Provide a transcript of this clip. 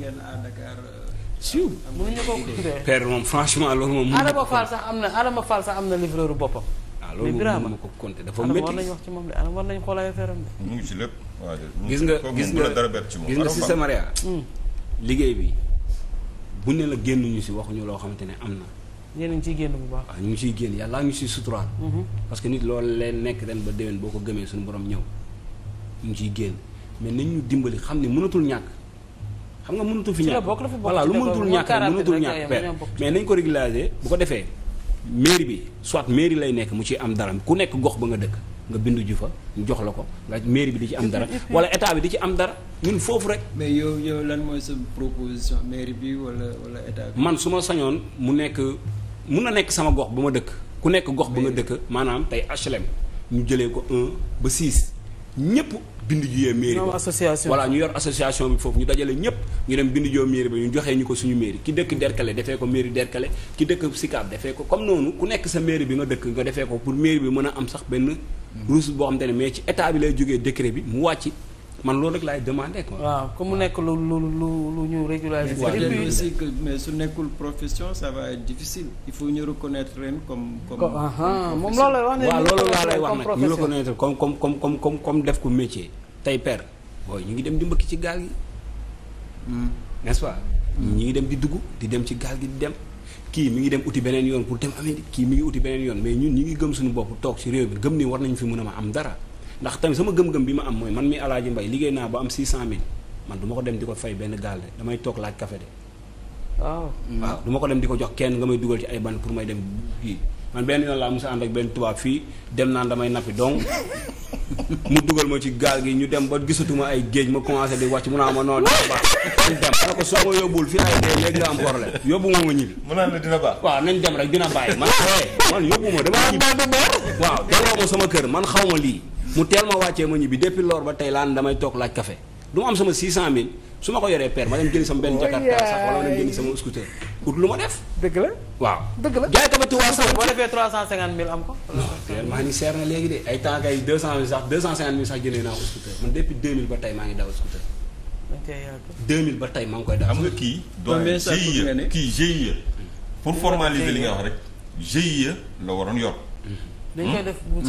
ngeen à euh, siiw moom franchement loolu moom. mënu Adama am na Adama Fall sax am na livreur boppam. Ah, mais Birama loolu ko compter dafa métti war wax ci moom de Adama war nañu mu ngi ci lépp gis nga gis nga gis nga si Samaria. Hmm. liggéey bi bu ne la ñu si waxuñu loo xamante ne am na. yéen a ngi ciy génn bu baax. waaw ah, ñu ngi ciy génn yàlla ñu ciy suturaal. Hmm. parce que nit loolu leen nekk ren ba déwén boo ko gëmee suñu borom ñëw ñu ngi ciy génn mais nañ dimbali xam ne mënatul ñàkk xam nga mënutu fi ñàkk voilà lu mënutul ñàkk mënutul ñàkk père mais nañ ko régulariser bu ko defee mairie bi soit mairie lay nekk mu ci am dara ku nekk gox ba nga dëkk nga bindu ji fa ñu jox la ko nga mairie bi di ci am dara wala état bi di ci am dara ñun foofu rek. mais yow yow lan mooy sa proposition mairie bi wala wala man su ma sañoon mu nekk mun na nekk sama gox ba ma dëkk ku nekk gox ba nga dëkk maanaam tey HLM ñu jëlee ko 1 ba 6 ñëpp. bind jiyee mairie ba voilà ñu yor association bi foofu ñu dajale ñëpp ñu dem bind mairie ba ñu joxee ñu ko suñu mairie ki dëkk Derkale defee ko mairie Derkale ki dëkk Sicap defee ko comme noonu ku nekk sa mairie bi nga dëkk nga defee ko pour mairie bi mën a am sax benn mm-hmm. ressource boo xam te ne mais ci état bi lay jógee décret bi mu wàcc man loolu rek laay demandé ko waaw comme mu nekk lu lu lu lu ñu régulariser. mais aussi que mais su nekkul profession ça va être difficile il faut ñu reconnaître leen comme. comme uh-huh, moom loolu lay wax ne waaw wax nag ñu reconnaître comme comme comme comme comme comme def ko métier tey père booy ñu ngi dem di mbëkk ci gaal gi hmm. nest ñu ngi dem di dugg di dem ci gaal gi di dem. kii mu ngi dem uti beneen yoon pour dem amee kii mi ngi uti beneen yoon mais ñun ñu ngi gëm suñu bopp toog ci réew bi gëm ni war nañu fi mun a ma am dara. ndax tamit sama gëm-gëm bi ma am mooy man mi Alaaji Mbay liggéey naa ba am 600000 man du ko dem di ko fay benn gaal de damay toog laaj café de waaw waaw ko dem di ko jox kenn nga may dugal ci ay ban pour may dem kii man benn laa mos benn tubaab fii dem naan damay nappi donc mu dugal ma ci gaal gi ñu dem ba gisatuma ay géej ma commencé di wàcc mu naa ah ma noonu dina baax nañ dem ma ne ko soo ma yóbbul fi laay dee dem rek dina bàyyi man eh, man yóbbu ma dama ñibbi waaw delloo ma sama kër man xaw ma lii mu teel ma wàccee ma ñibbi depuis lor ba tey laan damay toog laaj café du ma am sama 600000 su ma ko yoree père ma dem jëli sama benn jakarta sax wala ma def. dëgg la waaw. dëgg la jaay ko ba am ko. non tellement maa ngi seer na léegi de ay temps kay 200000 sax 250000 sax jëlee naa ko scooter man depuis 2000 ba tey maa ngi daw scooter. ok yàlla 2000 ba tey maa ngi koy daw. am nga kii doon kii GIE. pour formaliser li nga wax rek GIE la waroon yor.